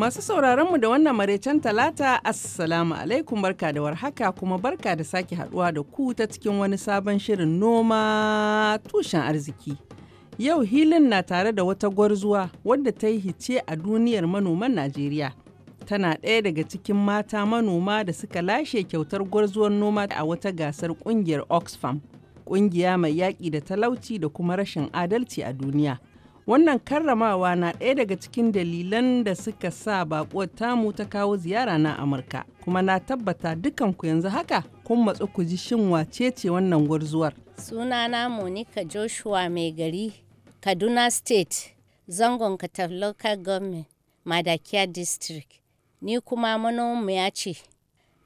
Masu sauraronmu da wannan maraicen talata Assalamu alaikum barka da warhaka kuma barka da sake haduwa da ku ta cikin wani sabon shirin noma tushen arziki. Yau hilin na tare da wata gwarzuwa wadda ta yi hice a duniyar manoman Najeriya. Tana ɗaya daga cikin mata manoma da suka lashe kyautar gwarzuwar noma a wata gasar ƙungiyar Oxfam, ƙungiya mai yaƙi da talauci da kuma rashin adalci a duniya. Wannan karramawa na ɗaya daga cikin dalilan da suka sa baƙuwar tamu ta kawo ziyara na Amurka, kuma na tabbata dukanku yanzu haka kun matsu ku ji shin wace ce wannan gwarzuwar. Sunana Monica Joshua mai gari, Kaduna State, zangon katar Local Government, Madakiya District. Ni kuma ya ce,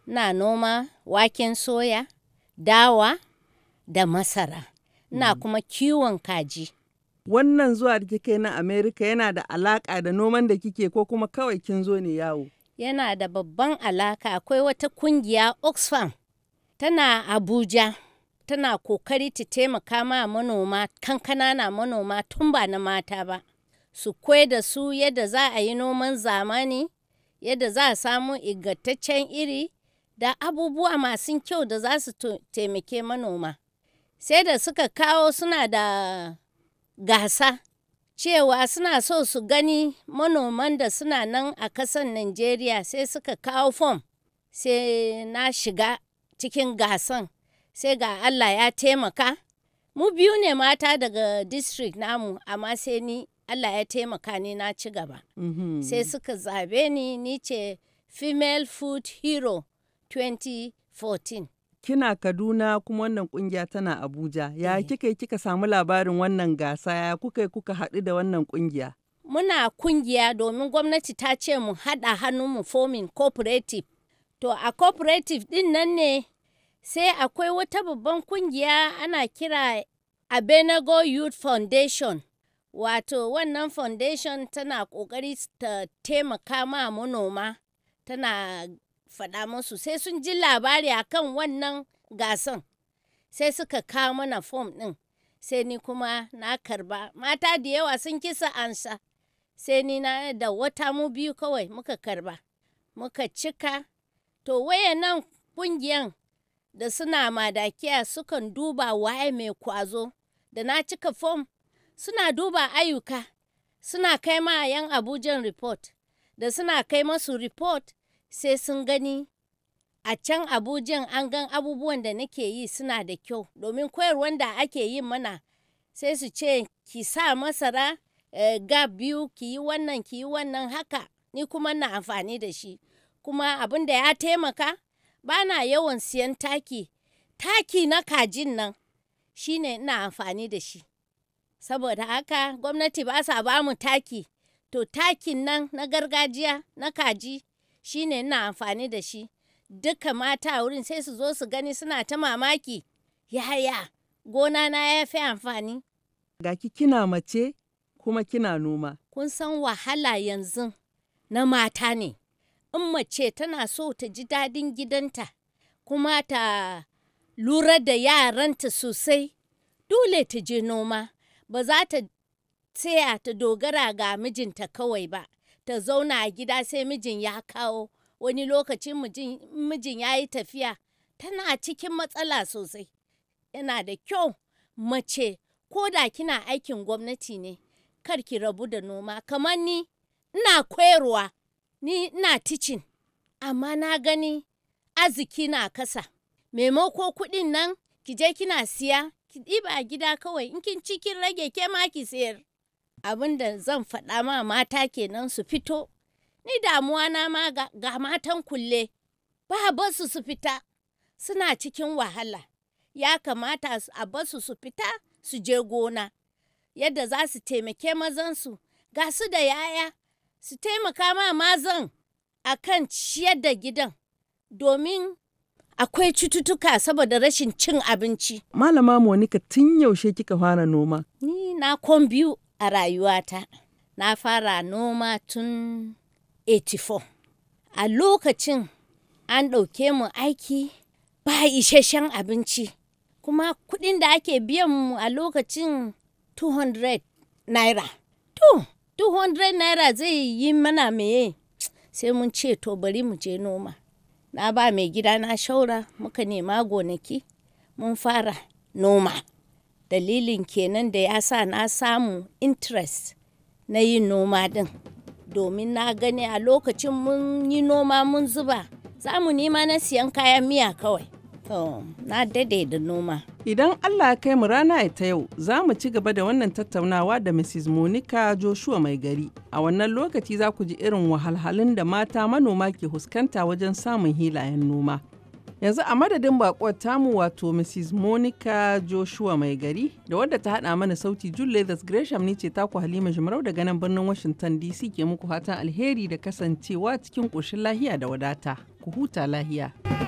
na noma waken soya, dawa da masara, na mm. kuma kiwon kaji. wannan zuwa da kike na Amerika yana da alaka da noman da kike ko kuma kawai kin zo ne yawo? Yana da babban alaka akwai wata kungiya Oxfam tana Abuja tana kokari ta taimaka ma manoma kankana na manoma tun ba na mata ba su kwai da su yadda za a yi noman zamani yadda za a samu ingantaccen iri da abubuwa masu kyau da za su taimake manoma sai da suka kawo suna da gasa cewa suna so su gani manoman da suna nan a ƙasar Najeriya sai suka kawo fom sai na shiga cikin gasan sai ga Allah ya taimaka. Mu biyu ne mata daga district namu amma sai ni Allah ya taimaka ni na ci gaba. Mm-hmm. Sai suka zabe ni ni ce Female Food Hero 2014. kina Kaduna kuma wannan kungiya tana Abuja. Ya eh. kika yi kika samu labarin wannan gasa ya kuka yi kuka haɗu da wannan kungiya? Muna kungiya domin gwamnati ta ce mu haɗa hannu mu forming cooperative. To a cooperative ɗin nan ne sai akwai wata babban kungiya ana kira Abenago Youth Foundation. Wato wannan foundation tana ƙoƙari ta taimaka ma manoma. tana faɗa musu sai sun ji labari a kan wannan gasan sai suka kawo mana fom ɗin sai ni kuma na karba mata da yawa sun kisa ansa sai ni na da wata mu biyu kawai muka karba muka cika to wayannan ƙungiyan da suna madakiya sukan duba waye mai kwazo da na cika fom suna duba ayyuka suna kai ma yan abujan report da suna kai masu report sai sun gani a can abujan an gan abubuwan da nake yi suna da kyau domin koyarwar da ake yi mana sai su ce ki sa masara eh, ga biyu ki yi wannan ki yi wannan haka ni kuma na amfani da shi kuma abin da ya taimaka ba na yawan siyan taki taki na kajin nan shine ina amfani da shi saboda haka gwamnati ba sa ba mu taki to takin nan na gargajiya na kaji shine ina amfani da shi duka mata a wurin sai su zo su gani suna ta mamaki yaya gona na ya fi amfani ga ki kina mace kuma kina noma kun san wahala yanzu na mata ne in mace tana so ta ji dadin gidanta kuma ta lura da yaranta sosai dole ta je noma ba za ta tsaya ta dogara ga mijinta kawai ba ta zauna a gida sai mijin ya kawo wani lokacin mijin ya yi tafiya tana cikin matsala sosai yana da kyau mace ko da kina aikin gwamnati ne kar ki rabu da noma kamar ni ina koyarwa ni ina ticin amma na gani arziki na kasa maimako kuɗin nan ki je kina siya ki ɗiba a gida kawai in kin cikin rage ke ma ki sayar abin da zan faɗa ma mata kenan su fito ni damuwa na ma ga, matan kulle ba basu su fita suna cikin wahala ya kamata a basu su fita su je gona yadda za su taimake mazansu ga su da yaya su taimaka ma mazan a kan ciyar da gidan domin akwai cututtuka saboda rashin cin abinci. Malama Monika tun yaushe kika fara noma? Ni na kon biyu a rayuwata. Na fara noma tun 84. A lokacin an ɗauke mu aiki ba isasshen abinci, kuma kuɗin da ake biyan mu a lokacin 200 naira. To, 200 naira zai yi mana meye sai mun ce to bari mu je noma. Na ba mai gida na shaura muka nema gonaki mun fara noma. dalilin kenan da ya sa na samu interest na yin noma din domin na gani a lokacin mun yi noma mun zuba za mu nema na siyan kayan miya kawai Oh, na dade da noma. Idan Allah ya kai mu rana ta yau, za mu ci gaba da wannan tattaunawa da Mrs. Monica Joshua mai gari. A wannan lokaci za ku ji irin wahalhalun da mata manoma ke huskanta wajen samun hilayen noma. Yanzu a madadin bakon tamu wato Mrs. Monica Joshua mai gari da wadda ta hada mana sauti June Leathers Gresham ni ce taku Halima Jimarau daga nan birnin Washington DC ke muku hatan alheri da kasancewa cikin ƙoshin lahiya da wadata. Ku huta lahiya.